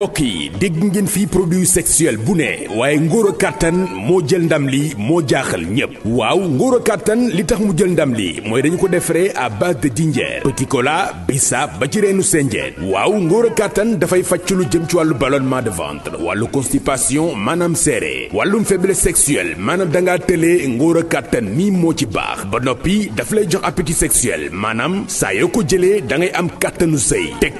mbokk yi dégg ngeen fii produit sexuel bu ne waaye ngóor a kàttan moo jël ndam li moo jaaxal ñépp waaw ngóor a kàttan li tax mu jël ndam li mooy dañu ko defaree à base de dinjeer petit cola bisaab ba ci reenu senjeen waaw ngóor a kàttan dafay fàcc lu jëm ci wàllu ballonnement de ventre wàllu constipation maanaam seere wàllum faiblesse sexuelle maanaam da ngaa tëlee ngóor a kàttan nii moo ci baax ba noppi dafa lay jox appétit sexuel maanaam saa yoo ko jëlee da ngay am kàttanu sëy teg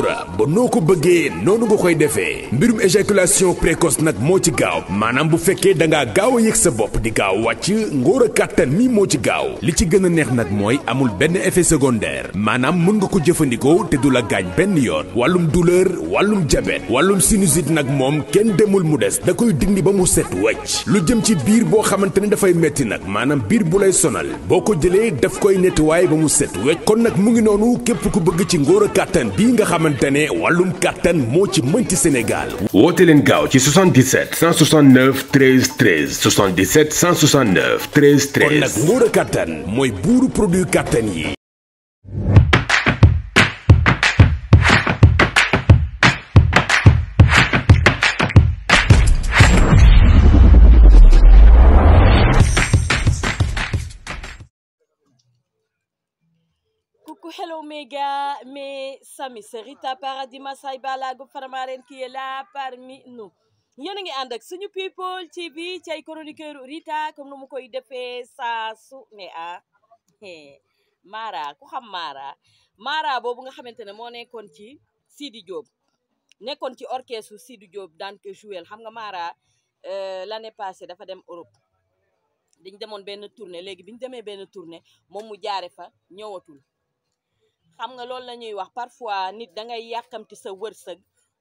awra ba noo ko bëggee noonu nga koy defee mbirum éjaculation précoce nag moo ci gaaw maanaam bu fekkee da ngaa gaaw a yëg sa bopp di gaaw wàcc ngóor a kàttan mi moo ci gaaw li ci gën a neex nag mooy amul benn effet secondaire maanaam mun nga ko jëfandikoo te du la gaañ benn yoon wàllum douleur wàllum jabet wàllum sinusite nag moom kenn demul mu des da koy dindi ba mu set wecc lu jëm ci biir boo xamante ni dafay metti nag maanaam biir bu lay sonal boo ko jëlee daf koy nettoyer ba mu set kon nag mu ngi noonu képp bëgg ci ngóor a xamante ne wàllum kàttan moo ci mënti Sénégal. woote leen gaaw ci 77 169 13 13 77 169 13 13. kon nag nguur a kàttan mooy buuru produit kàttan yi. Sénégal, mes amis, c'est Rita Paradis Massay Balago Farmaren qui est là parmi nous. yéen a ngi ànd ak suñu people TV ci ay chroniqueur Rita comme nu mu koy defee saa su ne ah Mara ku xam Mara Mara boobu nga xamante ne moo nekkoon ci Sidi Diop nekkoon ci orchestre sidu Diop daan ko jouer xam nga Mara euh, l'année passée dafa dem Europe dañ demoon benn tournée léegi biñ demee benn tournée moom mu jaare fa ñëwatul xam nga loolu la ñuy wax parfois nit dangay yàkkamti sa wërsëg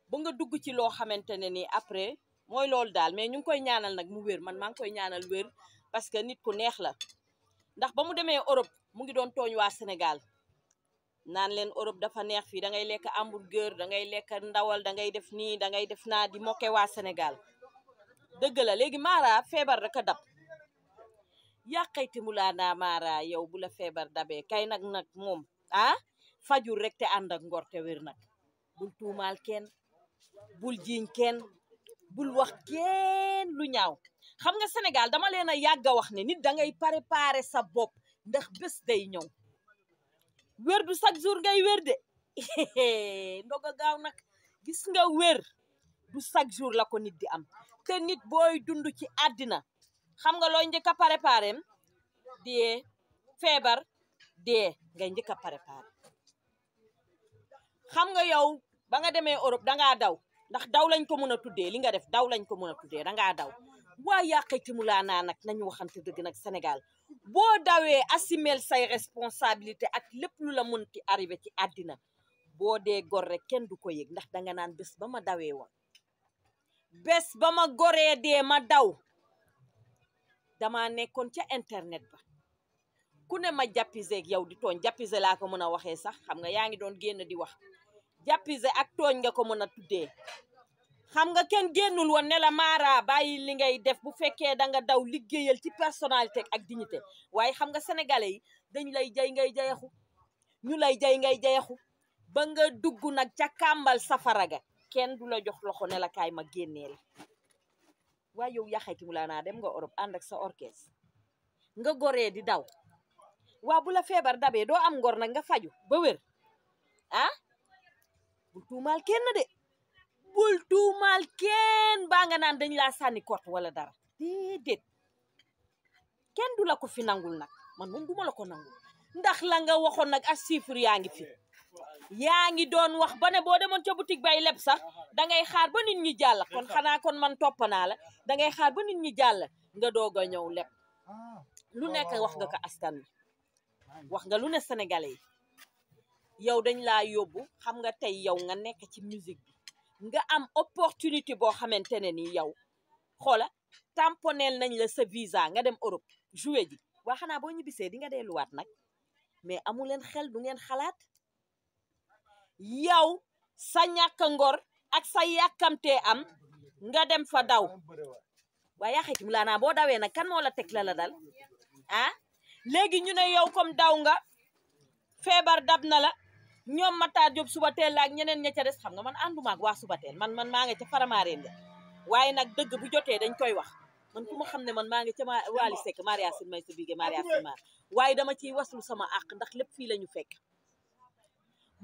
ba nga dugg ci loo xamante ne ni après mooy loolu daal mais ñu ngi koy ñaanal nag mu wér man maa ngi koy ñaanal wér parce que nit ku neex la ndax ba mu demee Europe mu ngi doon tooñ waa Sénégal naan leen Europe dafa neex fii da ngay lekk hamburger da ngay lekk ndawal da ngay def nii da ngay def naa di mokke waa Sénégal dëgg la léegi Mara feebar rek a dab yàqayti mu laa naa Mara yow bu la feebar dabee kay nag nag moom ah fajur rek te ànd ak ngor te wér nag bul tuumaal kenn bul jiiñ kenn bul wax kenn lu ñaaw xam nga Sénégal dama leen a yàgg a wax ne nit da ngay préparer sa bopp ndax bés day ñëw wér du chaque jour ngay wér de ndoga gaaw nag gis nga wér du chaque jour la ko nit di am te nit booy dund ci àddina xam nga looy njëkk a préparer dee feebar dee ngay njëkk a xam nga yow ba nga demee Europe dangaa daw ndax daw lañ ko mën a tuddee li nga def daw lañ ko mën a da dangaa daw waa yàqati mu laa naa nag nañu waxante dëgg nag Sénégal boo dawee assimel say responsabilité ak lépp lu la mënti arrivé ci àddina boo dee gor rek kenn du ko yëg ndax danga naan bés ba ma dawee woon bés ba ma goree dee ma daw dama nekkoon ca internet ba ku ne ma jàppiseeg yow di tooñ jàppise laa ko mën a waxee sax xam nga yaa ngi doon génn di wax jàppise ak tooñ nga ko mën a tuddee xam nga kenn génnul woon ne la Mara bàyyi li ngay def bu fekkee danga daw liggéeyal ci personnalité ak dignité waaye xam nga sénégalais yi dañ lay jay ngay jayaxu ñu lay jay ngay jayaxu ba nga dugg nag ca kàmbal safara ga kenn du la jox loxo ne la kaay ma génnee la waaye yow yaxeeti mu laa naa dem nga Europe ànd ak sa orchestre nga goree di daw waa bu la feebar dabe doo am ngor nag nga faju ba wér ah bul tuumaal kenn de bul tuumaal kenn baa nga naan dañ laa sànni kort wala dara déedéet kenn du la ko fi nangul nag man moom duma la ko nangul ndax la nga waxoon nag as chiffre yaa ngi fi yaa ngi doon wax ba ne boo demoon ca boutique bay leb sax dangay xaar ba nit ñi jàll kon xanaa kon man topp naa la dangay xaar ba nit ñi jàll nga doog a ñëw leb ah. lu nekk wax nga ko askan wi wax nga lu ne sénégalais yi yow dañ laa yóbbu xam nga tey yow nga nekk ci musique bi nga am opportunité boo xamante ne ni yow xoola tamponeel nañ la sa visa nga dem Europe jouer ji waa xanaa boo ñibbisee di nga delluwaat nag mais amu leen xel du ngeen xalaat yow sa ñàkk ngoor ak sa yàkkamtee am nga dem fa daw waaye yaa xayti mu laa naa boo dawee nag kan moo la teg la la dal ah? léegi ñu ne yow comme daw nga feebar dab na la ñoom ma Matar Diop suba teel la ak ñeneen ña ca des xam nga man ànduma ak waa suba teel man man maa nga ca faramaareen nga waaye nag dëgg bu jotee dañ koy wax man ku xam ne man maa ngi ca ma Waly Seck Maria Sin may sa bigé Maria Sin waaye dama ciy waslu sama àq ndax lépp fii lañu fekk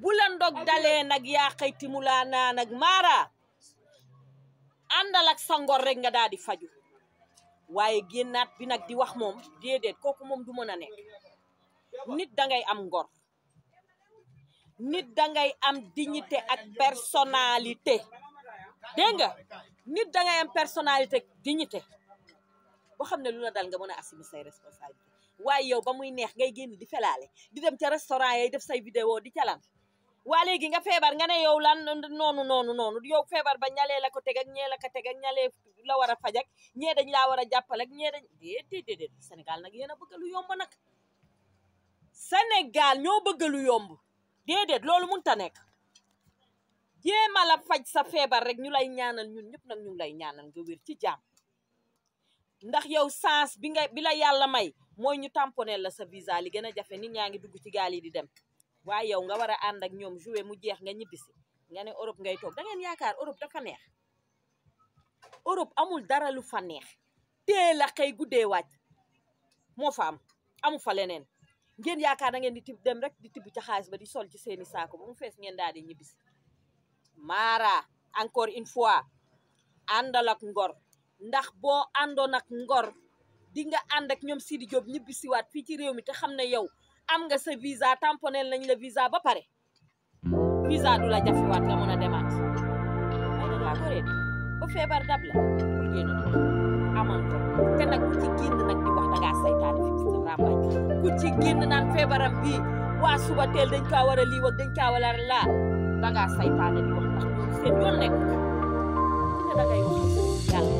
bu la ndog dalee nag yaa xëy laa naa nag maara àndal ak sangoor ngor rek nga daal di faju waaye génnaat bi nag di wax moom déedéet kooku moom du mën a nekk nit da ngay am ngor nit da ngay am dignité ak personnalité dégg nga nit da ngay am personnalité ak dignité boo xam ne lu la dal nga mën a assumer say responsabilité waaye yow ba muy neex ngay génn di felaale di dem ca restaurant yay def say vidéo di calan waa léegi nga feebar nga ne yow lan noonu noonu noonu yow feebar ba ñalee la ko teg ak ñee la ko teg ak ñalee la war a faj ak ñee dañ laa war a jàppale ak ñee dañ Sénégal nag yéen a bëgg lu yomb nag Sénégal ñoo bëgg lu yomb déedéet loolu mënut a nekk jéem faj sa feebar rek ñu lay ñaanal ñun ñëpp nag ñu lay ñaanal nga wir ci jàmm ndax yow sens bi nga bi la yàlla may mooy ñu tamponel la sa visa li gën a jafe ni ñaa ngi dugg ci gaal yi di dem waaye yow nga war a ànd ak ñoom joué mu jeex nga ñibbisi nga ne Europe ngay toog da ngeen yaakaar Europe dafa neex Europe amul dara lu fa neex teel a xëy guddee wàcc moo fa am amu fa leneen ngeen yaakaar da ngeen di tib dem rek di tibb ci xaalis ba di sol ci seeni saako ba mu fees ngeen daal di ñibbisi maara encore une fois àndal ak ngor ndax boo àndoon ak ngor di nga ànd ak ñoom Sidi Diop ñibbisiwaat fii ci réew mi te xam ne yow am nga sa visa tamponel nañ la visa ba pare visa du la jafewaat nga mën a demaat ay da ngaa koree ba feebar dab la pour génn amal ko te nag ku ci génn nag di wax da ngaa saytaane fi sa waa suba teel dañ kaa war lii wak dañ kaa war laa da ngaa saytaane di wax ndax ñoom seen yoon nekk ne da ngay wax yàlla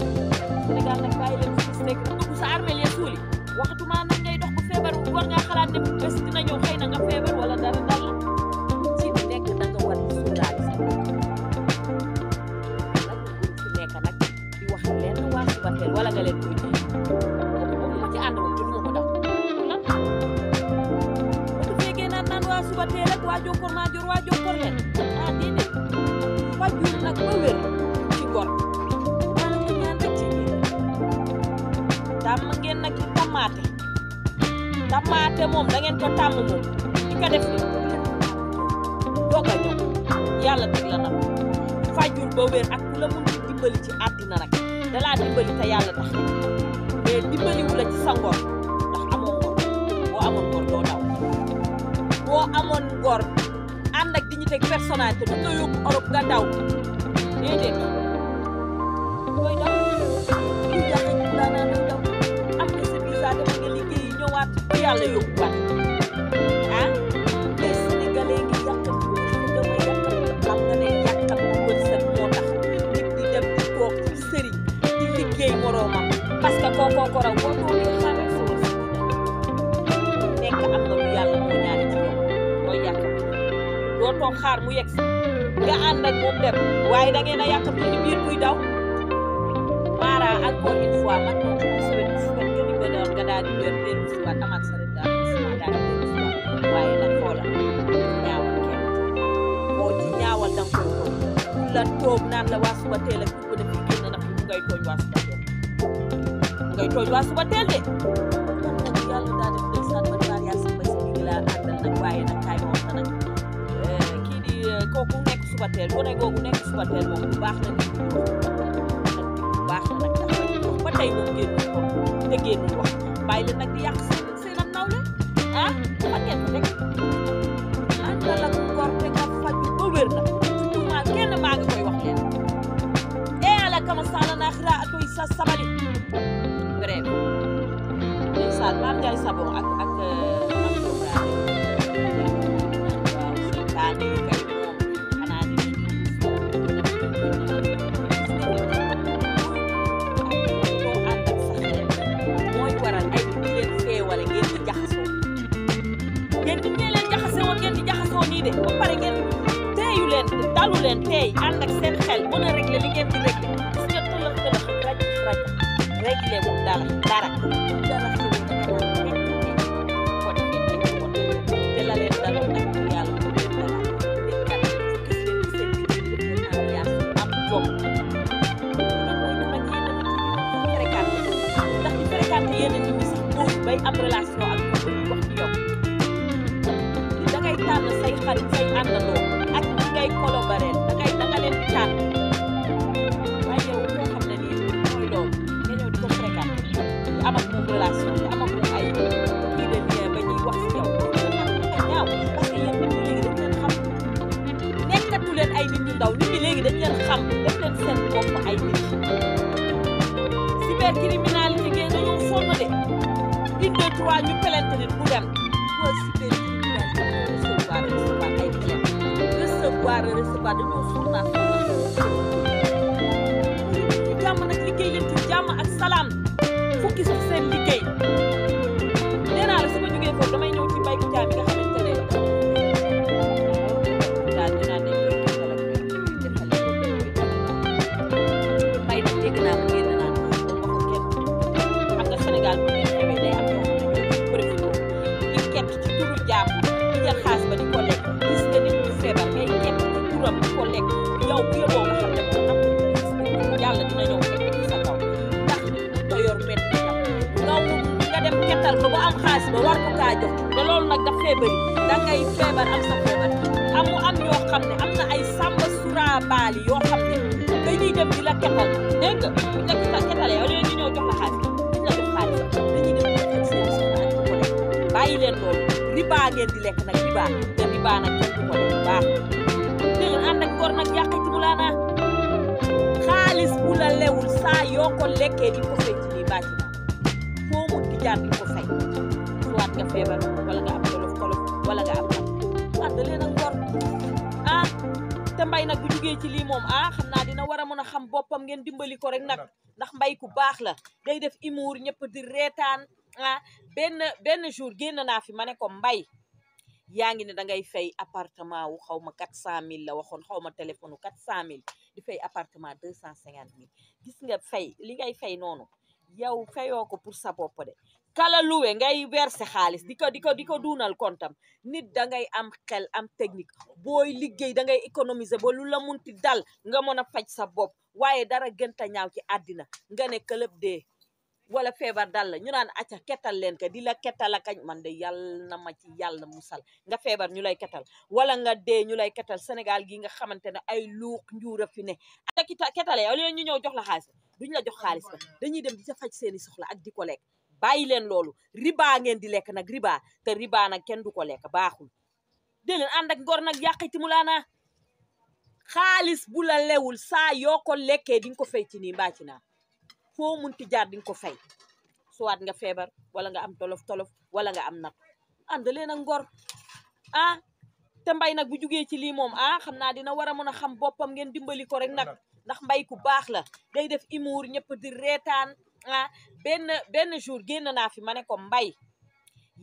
Sénégal nag bàyyi leen fi nekk dugg sa suuli waxtuma nañ ngay dox bu feebar war ngaa dem bés dina ñëw xëy na nga feebar wala dara dal la ci nekk na nga war di sóoraale sa bopp nag buñ ci nekk nag di wax leen waa Subatel wala nga leen koy jox kooku moom ma ci ànd moom jël nga ko daw lan bu ñu fekkee naan naan waa Subatel rek waa Jokkor maa jor waa Jokkor leen ah déedéet fajul nag ba wér ci gor maanaam ñaan rek ci biir tàmm ngeen nag tàmmaate tamaate moom da ngeen moom di ko def doog a ñëw yàlla teg la ba wér ak ku la di dimbali ci àddina rek dalaa dimbali te yàlla tax mais dimbaliwu la ci sa amoon ngor amoon ngor doo daw boo amoon ngor ànd ak dignité personnalité du nga yóbbu Europe nga daw déedéet yàlla yóbbuwaat ah les sénégalais ngi yàqal ko dama yàqal xam nga ne yàqal ko wërsëg moo tax nit di dem di toog ci sëriñ di liggéey moroomam parce que kookoo ko raw boo doole xamee sa wërsëg nekk am na lu yàlla moo ñaari ci yow mooy yàqal doo toog xaar mu yegg si nga ànd ak moom dem waaye da ngeen a yàqal ko ni biir muy daw maara encore une fois man moom su ma sori su ma gën a nga daal di wér wér si waat amaat sa la toog naan la waa suba teel ak pour que dafay génn ndax mu ngay tooñ waa suba teel ngay tooñ waa suba teel de. kon nag yàlla daa def ndeysaan man Maria Samba si ngi laa àndal nag waaye nag kaay ma wax na nag eh, kii di eh, kooku nekk suba teel gone googu nekk suba teel moom bu baax la nit ñi wax bu baax la nag ndax nag wax ba tey moom génnul ko te génnul wax bàyyi la nag di yàq seen seen am nawle ah xam ngeen ko rek. kama sala na xira sa sabali bref ndeysaan maam Njaay Sabon ak ak maam programme waaw seetaan yi kay moom xanaa di koo ànd ak sa xel mooy waral ay nit leen feewale ngeen di jaxasoo ngeen nit ñee leen jaxasoo ngeen di jaxasoo nii de ba pare ngeen teeyu leen dalu leen teey ànd ak seen xel mën a régler li ngeen réglé wu dara dara dara xew te la leen daloon nag yàlla bu leen dalaat am jom ndax ñu fréquenté yenn nit ñi si góor bay am relation ak ko ñuy wax ci yow da ngay tànn say xarit say àndandoo ak ñi ngay collaborer yow bu yóbboo nga xam ne moom am yàlla dina ñëw fekk sa kaw ndax nga yor métti nga nga dem kettal ko ba am xaalis ba war ko kaa jox te loolu nag daf fee bëri da ngay feebar am sa feebar am mu am yoo xam ne am na ay sàmba suraabaali yoo xam ne dañuy dem di la kettal dégg nga bu ñu la kettalee yow dañuy ñëw jox la xaalis bi la jox xaalis dañuy dem di lekk seen suunaay bu ko def bàyyi leen loolu ribaa ngeen di lekk nag ribaa te ribaa nag kenn du ko def baax lu la lewul saa yoo ko lekkee di ko fay ci lii bàcc na foo mun di jaar di ko fay soit nga feebar wala nga am kolof kolof leen a ngor ah te mbay nag gu jugee ci li moom ah xam naa dina war a mën a xam boppam ngeen dimbali ko rek nag ndax mbay ku baax la day def humour ñëpp di reetaan ah benn benn jour génn naa fi ma ne ko mbay yaa ngi ne da ngay fay appartement wu xaw ma quatre cent mille la waxoon xaw ma téléphone wu quatre cent mille di fay appartement deux cent cinquante mille gis nga fay li ngay fay noonu yow fayoo ko pour sa bopp de kala luwe ngay verser xaalis di ko di ko di ko duunal kontam nit da ngay am xel am technique booy liggéey dangay ngay économiser ba lu la munti dal nga mën a faj sa bopp waaye dara gënta ñaaw ci àddina nga ne club de wala feebar dal la ñu naan acca kettal leen ka di la kettal ak man de yàlla na ma ci yàlla musal nga feebar ñu lay kettal wala nga dee ñu lay kettal Sénégal gi nga xamante ne ay luux njuura fi ne ak kettale yow leen ñu ñëw jox la xaalis duñ la jox xaalis dañuy dem di sa faj seeni soxla ak di ko lekk bàyyi leen loolu riba ngeen di lekk nag riba te riba nag kenn du ko lekk baaxul dee leen ànd ak ngor nag yàqiti mu laana xaalis bu la lewul saa yoo ko lekkee di nga ko fay nii mbaa naa foo munti jaar di nga ko fay suwaat nga feebar wala nga am tolof tolof wala nga am nag ànd leen a ngor ah te mbay nag bu jugee ci lii moom ah xam naa dina war a mën a xam boppam ngeen dimbali ko rek nag ndax mbay ku baax la day def humour ñëpp di reetaan ah benn benn jour génn naa fi ma ne ko mbay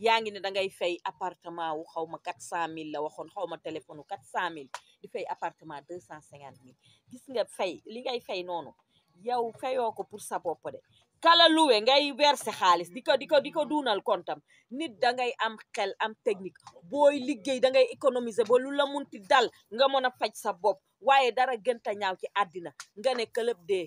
yaa ngi ne da ngay fay appartement wu xaw ma quatre cent mille la waxoon xaw ma téléphone wu quatre cent mille di fay appartement deux cent cinquante mille gis nga fay li ngay fay noonu yow fayoo ko pour sa bopp de kala luwe ngay verser xaalis di ko di ko di ko duunal kontam nit da ngay am xel am technique booy liggéey da ngay économiser ba la munti dal nga mën a faj sa bopp waaye dara gënta ñaaw ci àddina nga ne club de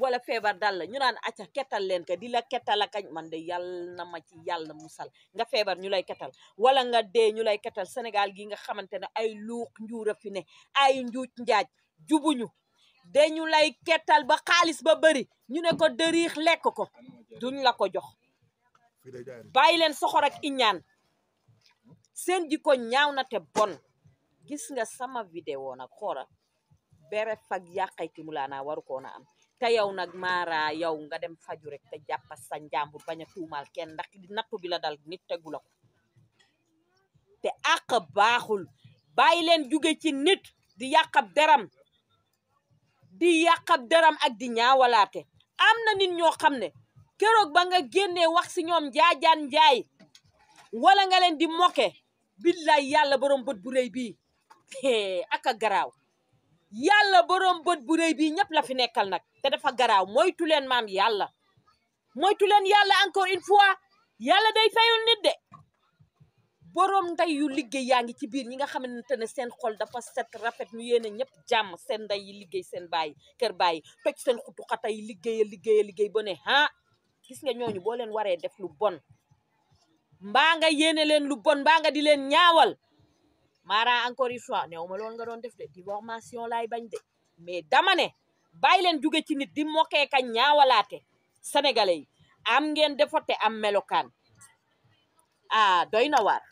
wala feebar dal la ñu naan acca kettal leen ka di la kettal ak man de yàlla na ma ci yàlla musal nga feebar ñu lay kettal wala nga dee ñu lay kettal Sénégal gi nga xamante ne ay luux njuura fi ne ay njuuj njaaj jubuñu dañu lay ketal ba xaalis ba bëri ñu ne ko dëriix lekk ko duñ la ko jox bàyyi leen soxor ak iñaan seen jiko ñaaw na te bon gis nga sama vidéo nag xoola bere fag yàqay ki mu laa naa waru koona am te yow nag maara yow nga dem faju rek te jàppa sa njàmbur bañ a ndax nattu bi la dal nit tegu la ko te àq baaxul bàyyi leen jóge ci nit di yàq ab deram di yàq ab deram ak di ñaawalaate am na nit ñoo xam ne keroog ba nga génnee wax si ñoom njaajaan njaay wala nga leen di moke billay yàlla borom bët bu rëy bii ak a garaaw yàlla borom bët bu rëy bii ñëpp la fi nekkal nag te dafa garaaw moytu leen maam yàlla moytu leen encore une fois yàlla day fayul nit de borom ndey yu liggéey yaa ngi ci biir ñi nga xamante ne seen xol dafa set rafet ñu yéene ñëpp jàmm seen ndey yi liggéey seen baay kër baay toj seen xutu xata yi liggéeya liggéeya liggéey ba ne ah gis nga ñooñu boo leen waree def lu bon mbaa nga yéene leen lu bon mbaa nga di leen ñaawal maara encore une fois néew ma loolu nga doon def de diffamation laay bañ de mais dama ne bàyyi leen jóge ci nit di mokkee ka ñaawalaate sénégalais yi am ngeen defote am melokaan ah doy na waar